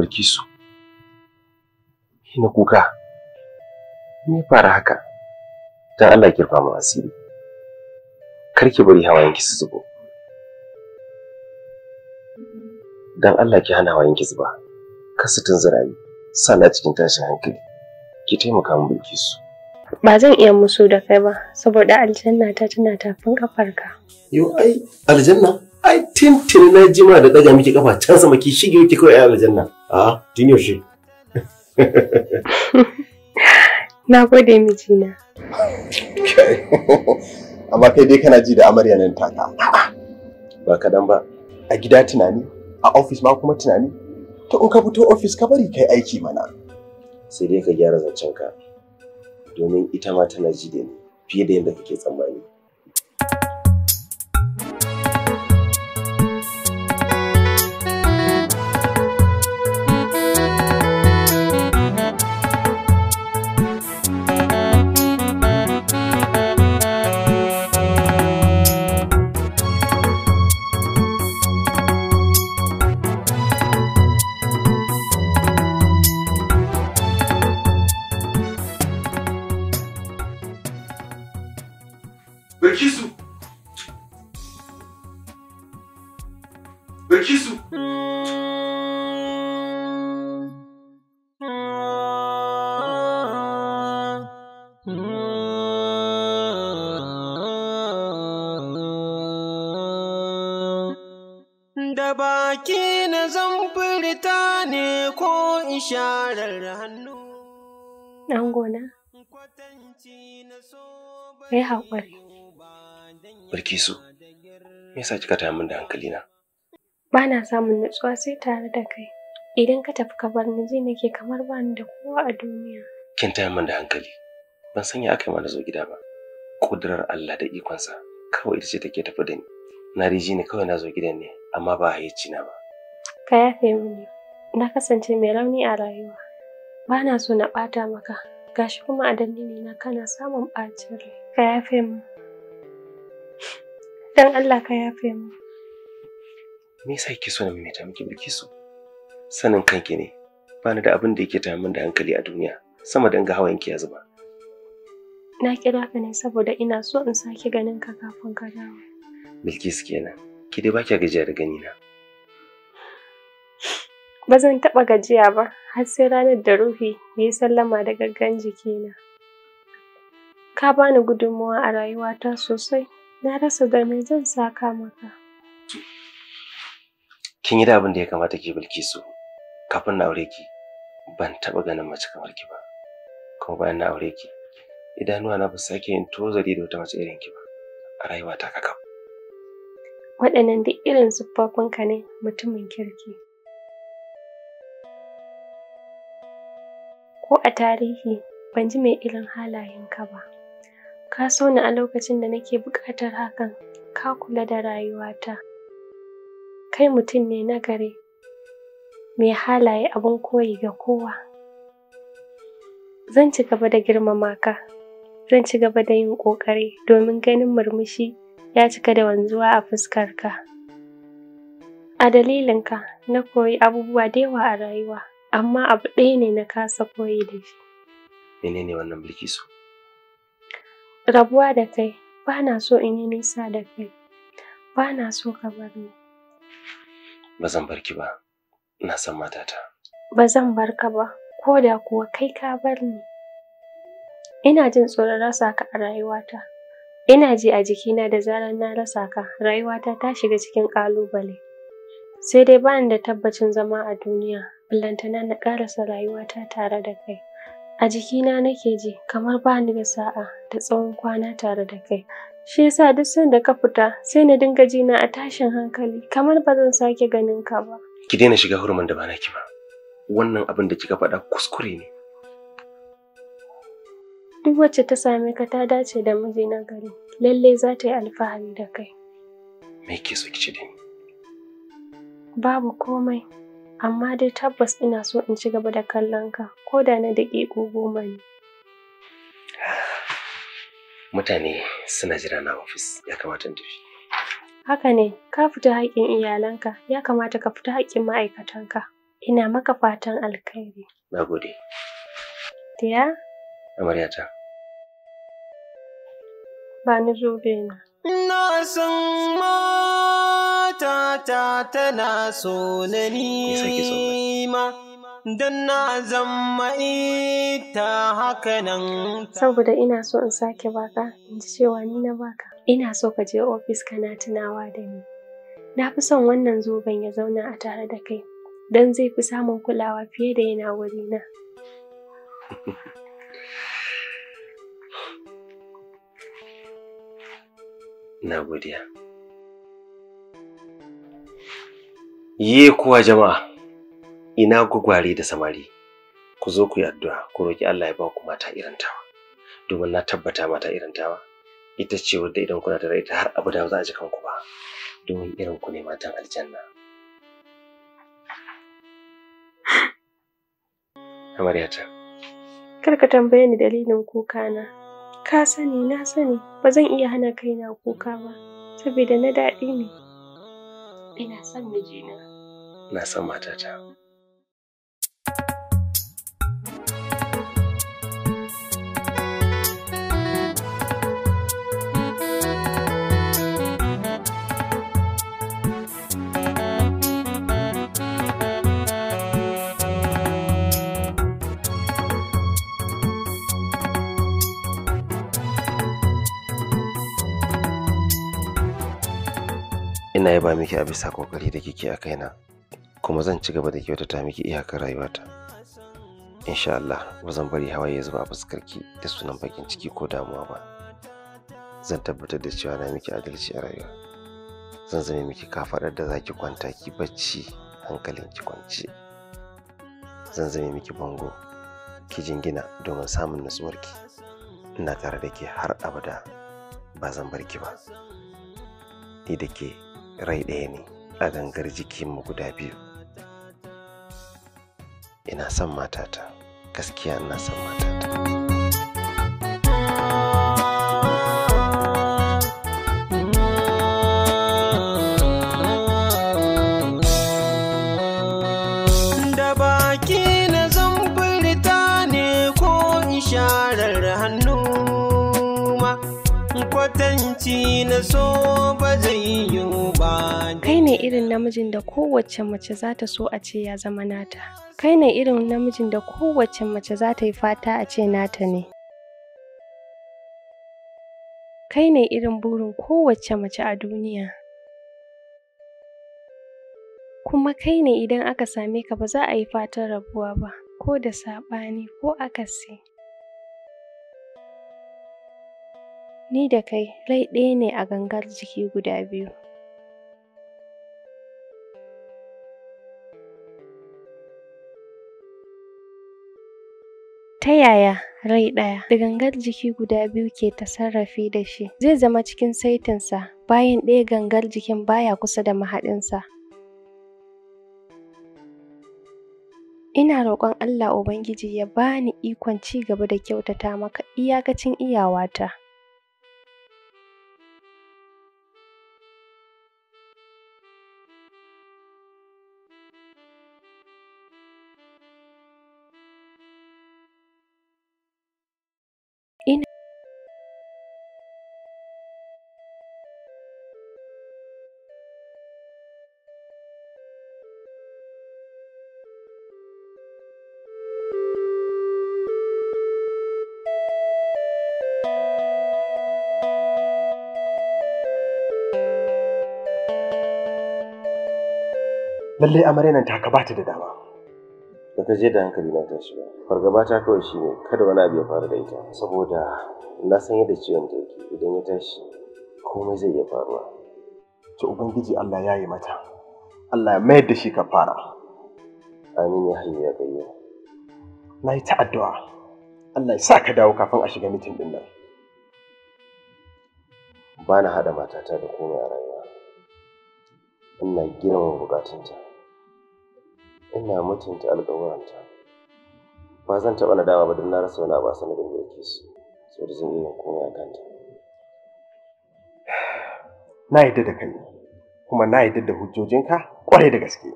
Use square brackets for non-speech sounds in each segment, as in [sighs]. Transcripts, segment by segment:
Bilkisu. Ina kuka. Me fara haka? Dan Allah kirfa mu asiri. Kar ki bari hawayenki su zubo. Dan Allah ki hana hawayenki zuba. Kar su tunzura ni. Sana cikin tashin hankali. Ki taimaka mu Bilkisu. ba zan iya musu da kai ba saboda aljanna ta tana tafin kafarka. Yo ai aljanna ai tintin na jima da daga miki kafa can sama ki shige ki kawai aljanna. a tun yaushe na gode mijina [laughs] amma kai dai kana ji da amarya nan taka ba kadan ba a gida tunani a ofis ma kuma tunani to in ka fito ofis ka bari kai aiki mana sai dai ka gyara ka, domin ita ma tana ji da ni fiye da yadda kake tsammani Da baki na zamfurta ne ko isharar hannu. Ɗan gona, kai haƙuri. Barki su, me yasa kika taya min da hankalina? Ba na samun nutsuwa sai tare da kai. Idan ka tafi ka bar ni ji nake kamar ba ni da kowa a duniya. Kin taya min da hankali. ban san ya aka yi na zo gida ba kudurar Allah da ikonsa kawai ita ce take tafi da ni na riji ne kawai na zo gidan ne amma ba hayyaci na ba ka yafe mini na kasance mai rauni a rayuwa ba na so na bata maka gashi kuma a dalili na kana samun bacin rai ka yafe mu dan Allah ka yafe mu me yasa kike so na mai ta miki bilkisu sanin kanki ne ba ni da abin da yake tayar min da hankali a duniya sama da in ga hawayenki ya zuba Na kira ka ne saboda ina so in sake ganin ka kafin ka dawo. Bilkis kenan. Ki dai baki gajiya da gani na. Ba zan taɓa gajiya ba har sai ranar da ruhi ya yi sallama da gaggan jikina. Ka bani gudunmawa a rayuwata sosai. Na rasa da me zan saka maka. Kin yi da abin da ya kamata ki Bilkisu. Kafin na aure ki, ban taɓa ganin mace kamar ki ba. Kuma bayan na aure ki, idanuwa na basu sake yin tozari da wata mace irin ki ba a rayuwa ta kakau. Waɗannan duk irin siffofinka ne mutumin kirki. Ko a tarihi ban ji mai irin halayenka ba. Ka so ni a lokacin da nake buƙatar hakan, ka kula da rayuwata. Kai mutum ne na gari, mai halaye abin koyi ga kowa. Zan ci gaba da girmama ka. Zan ci gaba da yin ƙoƙari domin ganin murmushi ya cika da wanzuwa a fuskarka. A dalilinka na koyi abubuwa da yawa a rayuwa, amma abu ɗaya ne na kasa koyi da shi. Mene ne wannan Bilkisu? Rabuwa da kai, ba na so in yi nisa da kai, ba na so ka bar ni. Ba zan bar ki ba, ina son matata. Ba zan bar ka ba, ko da kuwa kai ka bar ni. Ina jin tsoron rasa ka a rayuwata. Ina ji a jikina da zarar na rasa ka, rayuwata ta shiga cikin ƙalubale. Sai dai bani da tabbacin zama a duniya, ballantana na ƙarasa rayuwata tare da kai. A jikina nake ji kamar ba ni da sa'a da tsawon kwana tare da kai. Shi yasa duk sanda ka fita sai na dinga jina a tashin hankali kamar ba zan sake ganin ka ba. Ki daina shiga hurumin da ba naki ba. Wannan abin da kika faɗa kuskure ne. Duk wacce ta same ka ta dace da miji na gari, lalle za ta yi alfahari da kai. Me ke so ki da ni? Babu komai, amma dai tabbas ina so in ci gaba da kallon ka, ko da na daƙiƙo goma ne. Mutane suna jira na ofis, ya kamata in tafi. Haka ne, ka fita haƙƙin iyalanka, ya kamata ka fita haƙƙin ma'aikatanka. Ina maka fatan alkhairi. Na gode. Diya? amaryata. Ba ni zobe na. Na san ta tana so na nima, don na zama ita haka nan. Saboda ina so in sake baka, in ji cewa ni na baka. Ina so ka je ofis kana tunawa da ni. Na fi son wannan zoben ya zauna a tare da kai, don zai fi samun kulawa fiye da yana wurina. na godiya ye kuwa jama'a ina gwagware da samari ku zo ku yi addu'a ku roki Allah ya ba ku mata irin domin na tabbata mata irin tawa ita ce wadda idan kuna tare ita har abada za a ji kanku ba domin irin ku ne matan aljanna amaryata kar ka tambaye ni dalilin kuka na Ka sani na sani ba zan iya hana kaina kuka ba saboda na daɗi ne. Ina son mijina. Na son matata. ina yaba miki a bisa kokari da kike a kaina kuma zan ci gaba da kyautata miki iyakar rayuwata insha Allah ba zan bari hawaye ya zuba a fuskarki da sunan bakin ciki ko damuwa ba zan tabbatar da cewa na miki adalci a rayuwa zan zame miki kafaɗar da zaki kwanta ki bacci hankalin ki kwance zan zame miki bango ki jingina domin samun ki ina tare da ke har abada ba zan bar ki ba ni da ke rai ɗaya ne a gangar mu guda biyu ina son matata gaskiya ina son matata ci na so ba zai yi ba. Kai ne irin namijin da kowace mace za ta so a ce ya zama nata. Kai ne irin namijin da kowace mace za ta yi fata a ce nata ne. Kai ne irin burin kowace mace a duniya. Kuma kai ne idan aka same ka ba za a yi fatan rabuwa ba, ko da saɓani ko akasi. ni da kai rai ɗaya ne a gangar jiki guda biyu. Ta yaya rai ɗaya da gangar jiki guda biyu ke tasarrafi da shi zai zama cikin saitinsa bayan ɗaya gangar jikin baya kusa da mahaɗinsa? Ina roƙon Allah Ubangiji ya bani ikon ci gaba da kyautata maka iyakacin iyawata. lallai amarya ta ka bata da dama ba ta je da hankali na tashi ba fargaba ta kawai shi ne kada wani abu ya faru da ita saboda na san yadda ciwon ta yake idan ya tashi komai zai iya faruwa to ubangiji Allah ya yi mata Allah ya mayar da shi ka fara amin ya hayyu ya gayya na yi ta addu'a Allah ya sa ka dawo kafin a shiga mitin din nan ba na haɗa matata da komai a rayuwa ina girmama bukatunta ina mutunta alƙawuranta ba zan taɓa nadama ba don na rasa wani abu a sanadin da yake su, so da zan yi yin komai a kanta [sighs] na yadda da kai kuma na yadda da hujjojinka kwarai da gaske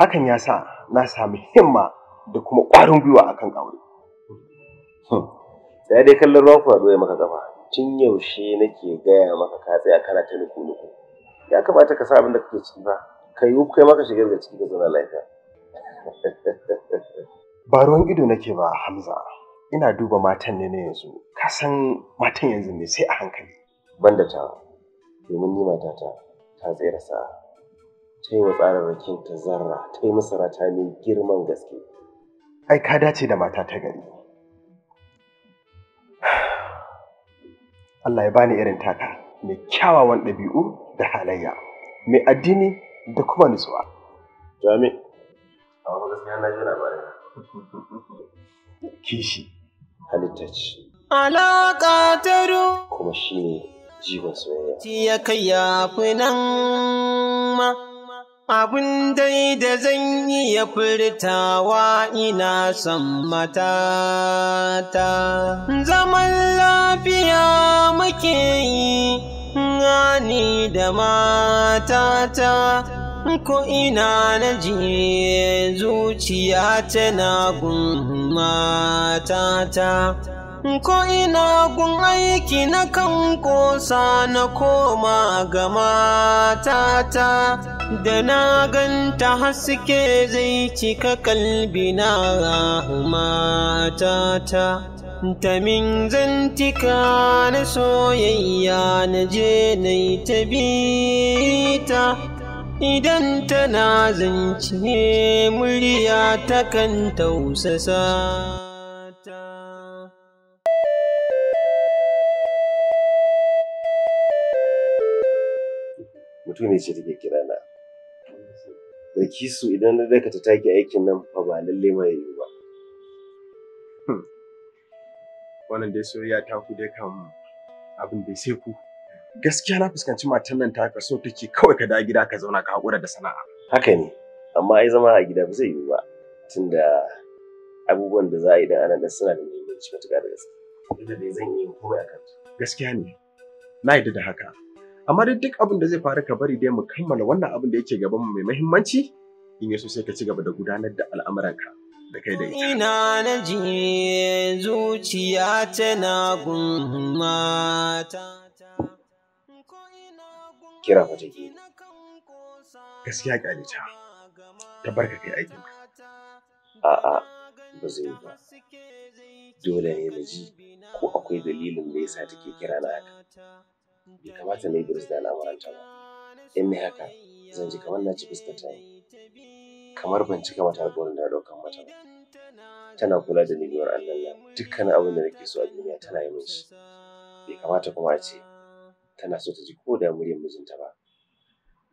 hakan ya sa na sami himma da kuma ƙwarin gwiwa akan kaure hmm. sai dai kallon ruwan faɗo ya maka gaba tun yaushe nake gaya maka ka tsaya kana ta nuku nuku ya kamata ka sa abin da kake ciki ba kai kai maka shigar da ciki ka zauna lafiya [laughs] ba ruwan ido nake ba hamza ina duba matan ne na yanzu ka san matan yanzu ne sai a hankali banda ta domin ni matata ta tsira sa ta yi wa rakin ta zarra ta yi masa rata ne girman gaske ai ka dace da mata ta gari [sighs] Allah ya bani irin taka mai kyawawan ɗabi'u da halayya mai addini da kuma nutsuwa jami'a amma gaskiya na ji labarin kishi halitta ce alaƙa ta kuma shi ne jiwon soyayya ci ya kai ya fi nan ma abin dai da zan yi ya furtawa ina son matata zaman lafiya muke yi ni da matata ko ina na ji zuciya tana gun matata ko ina gun aiki na kan kosa na koma ga matata da na ganta haske zai cika kalbina ah, matata ta min zantika na soyayya na je na ta bita idan tana zance murya takan tausasa ta mutum ne ce take kira na baki su idan na daga ta take aikin nan fa ba lalle mai yi ba hmm. wannan dai soyayya ta ku dai kan abin da sai ku gaskiya na fuskanci matan nan ta so take kawai ka dawo gida ka zauna ka haƙura da sana'a haka ne amma ai zama a gida ba zai yiwu ba tunda abubuwan da za a yi da anan suna da muhimmanci matuƙa da gaske inda dai zan yi komai kan. gaskiya ne na yi da haka amma dai duk abin da zai faru ka bari dai mu kammala wannan abin da yake gaban mu mai muhimmanci in yaso sai ka ci gaba da gudanar da al'amuranka da kai da ita ina na ji zuciya tana gumata kira mu take gaskiya kyale ta ta barka kai aikin a'a ba zai ba dole ne na ji ko akwai dalilin da yasa take kira na haka bai kamata na yi da al'amuranta ba in ne haka zan ji kamar na ci fuskar ta kamar ban cika mata alƙawarin da na ɗaukan mata ba tana kula da ni biyar Allah dukkanin abin da nake so a duniya tana yi min shi bai kamata kuma a ce tana so ta ji ko da muryar mijinta ba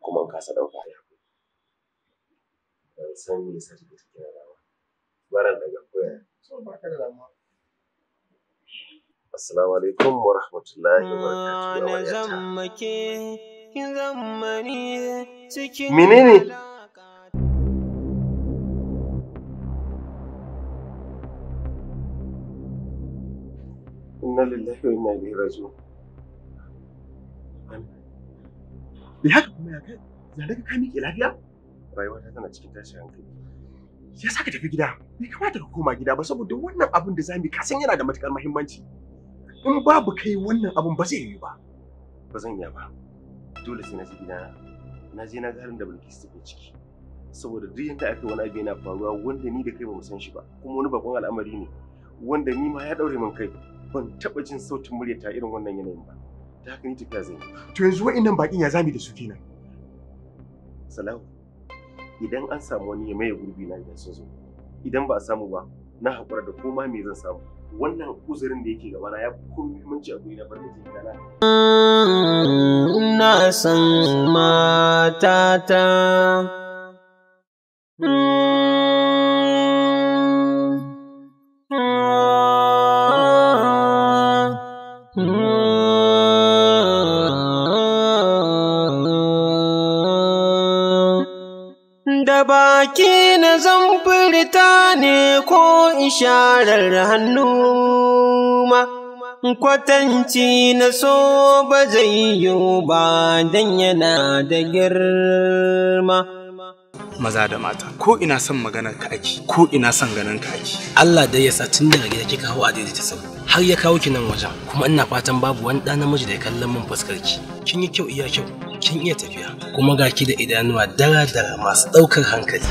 kuma an kasa ɗauka ya ban san me yasa take take na dawa baran daga koya so ba ka da damuwa assalamu alaikum wa rahmatullahi wa barakatuh menene inna lillahi wa inna ilaihi raji'un da haka kuma ya kai ya daga ka miƙe lafiya rayuwa ta tana cikin tashin hankali ya ka tafi gida bai kamata ka koma gida ba saboda wannan abin da zamu ka san yana da matukar muhimmanci in babu kai wannan abin ba zai yi ba ba zan iya ba dole sai na ji gida na je na ga halin da Bilkisu take ciki saboda duk yadda aka wani abu yana faruwa wanda ni da kai ba mu san shi ba kuma wani bakon al'amari ne wanda ni ma ya ɗaure min kai ban taba jin sautin muryata irin wannan yanayin ba da haka ni tafiya zan yi to yanzu wa'annan bakin ya zami da su kenan salahu idan an samu wani ya maye gurbi na idan sun zo idan ba a samu ba na haƙura da koma me zan samu wannan uzurin da yake gabana ya fi muhimmanci a gurina bar miji gidana na san matata baki na zan ne ko isharar hannu ma kwatanci na so ba zai yi ba don yana da girma maza da mata ko ina son maganar ka ake ko ina son ganin ka ake Allah dai ya sa tun daga gida ki kawo adai ta sau har ya kawo ki nan wajen kuma ina fatan babu wani ɗan namiji da ya kallon min fuskar ki kin yi kyau iya kyau kin iya tafiya kuma ga ki da idanuwa dara-dara masu ɗaukar hankali.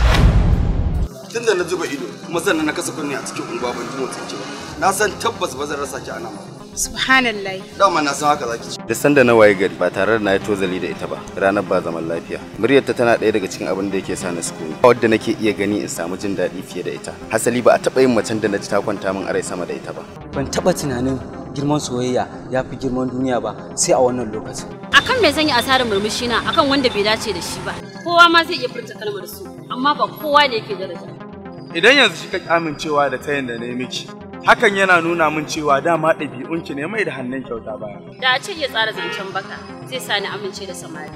Tunda na zuba ido kuma sannan na kasa kunni a cikin unguwa ban ji motsin ki na san tabbas ba zan rasa ki a nan ba. Subhanallah. Dama na san haka zaki ci. Da sanda na waye gari ba tare da na yi tozali da ita ba ranar ba zaman lafiya. Muryarta tana ɗaya daga cikin abin da yake sa na Ba Wadda nake iya gani in samu jin daɗi fiye da ita. Hasali ba a taɓa yin macen da na ji ta kwanta min arai sama da ita ba. Ban taɓa tunanin girman soyayya ya fi girman duniya ba sai a wannan lokacin. akan me zan yi asarar murmushi na akan wanda bai dace da shi ba kowa ma zai iya furta kalmar su amma ba kowa ne yake daraja idan yanzu kika amincewa da ta yanda ne miki hakan yana nuna min cewa dama ɗabi'unki ne mai da hannun kyauta baya da a ce iya tsara zancen baka zai sa ni amince da samari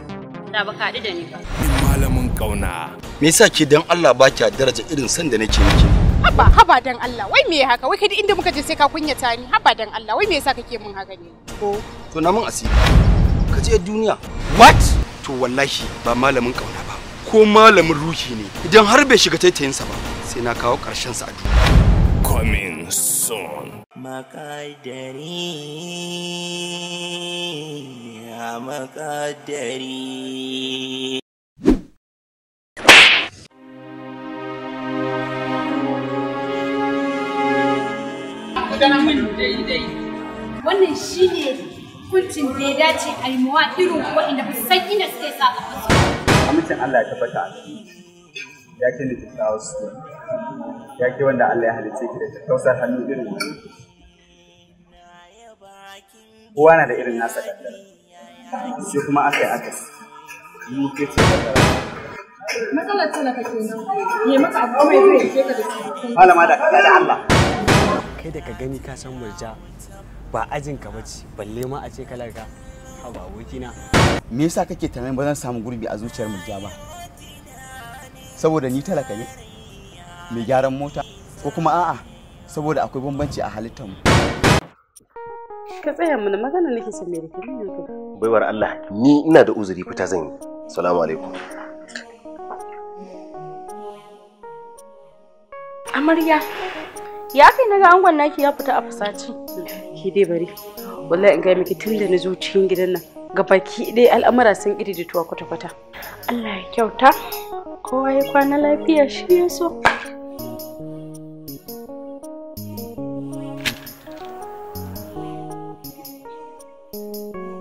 da baka haɗu da ni ba malamin kauna me yasa ke dan Allah ba ki daraja irin san da nake miki haba haba dan Allah wai me haka wai kai inda muka je sai ka kunyata ni haba dan Allah wai me yasa kake mun haka ne ko to na mun asiri gajiyar duniya what to wallahi ba malamin kauna ba ko malamin ruhi ne idan har bai shiga taitayinsa ba sai na kawo karshen sa a duniya coming soon makadari ya makadari Wannan shi ne hukuncin da ya dace a yi mawa irin waɗanda ba san inda suke sa a fasu. Amincin Allah ya tabbata a ya ke da kyakkyawa su ya ke wanda Allah ya halitta ki da tausar hannu irin wani. Kowa na da irin nasa kaddara. Shi kuma aka yi akasi. Mu ke ce kaddara. Matsalar talaka kenan. Ne maka abu mai zai ke ka da su. Malama da kaɗa da Allah. Kai da ka gani ka san murja ba ajin ka bace balle ma a ce kalar ka haba na me yasa kake tunanin ba zan samu gurbi a zuciyar murja ba saboda ni talaka ne mai gyaran mota ko kuma a'a saboda akwai bambanci a halittar mu ka tsaya mana magana nake son mai rikirin nan baiwar Allah ni ina da uzuri fita zan yi salamu alaikum amarya ya kai naga angon naki ya fita a fusaci ke dai bari wallahi in ga miki tun da na zo cikin gidan nan ga baki dai al'amura sun tuwa kwata-kwata Allah ya kyauta kowa ya kwana lafiya shi ya so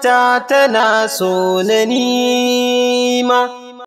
ta tana so na nima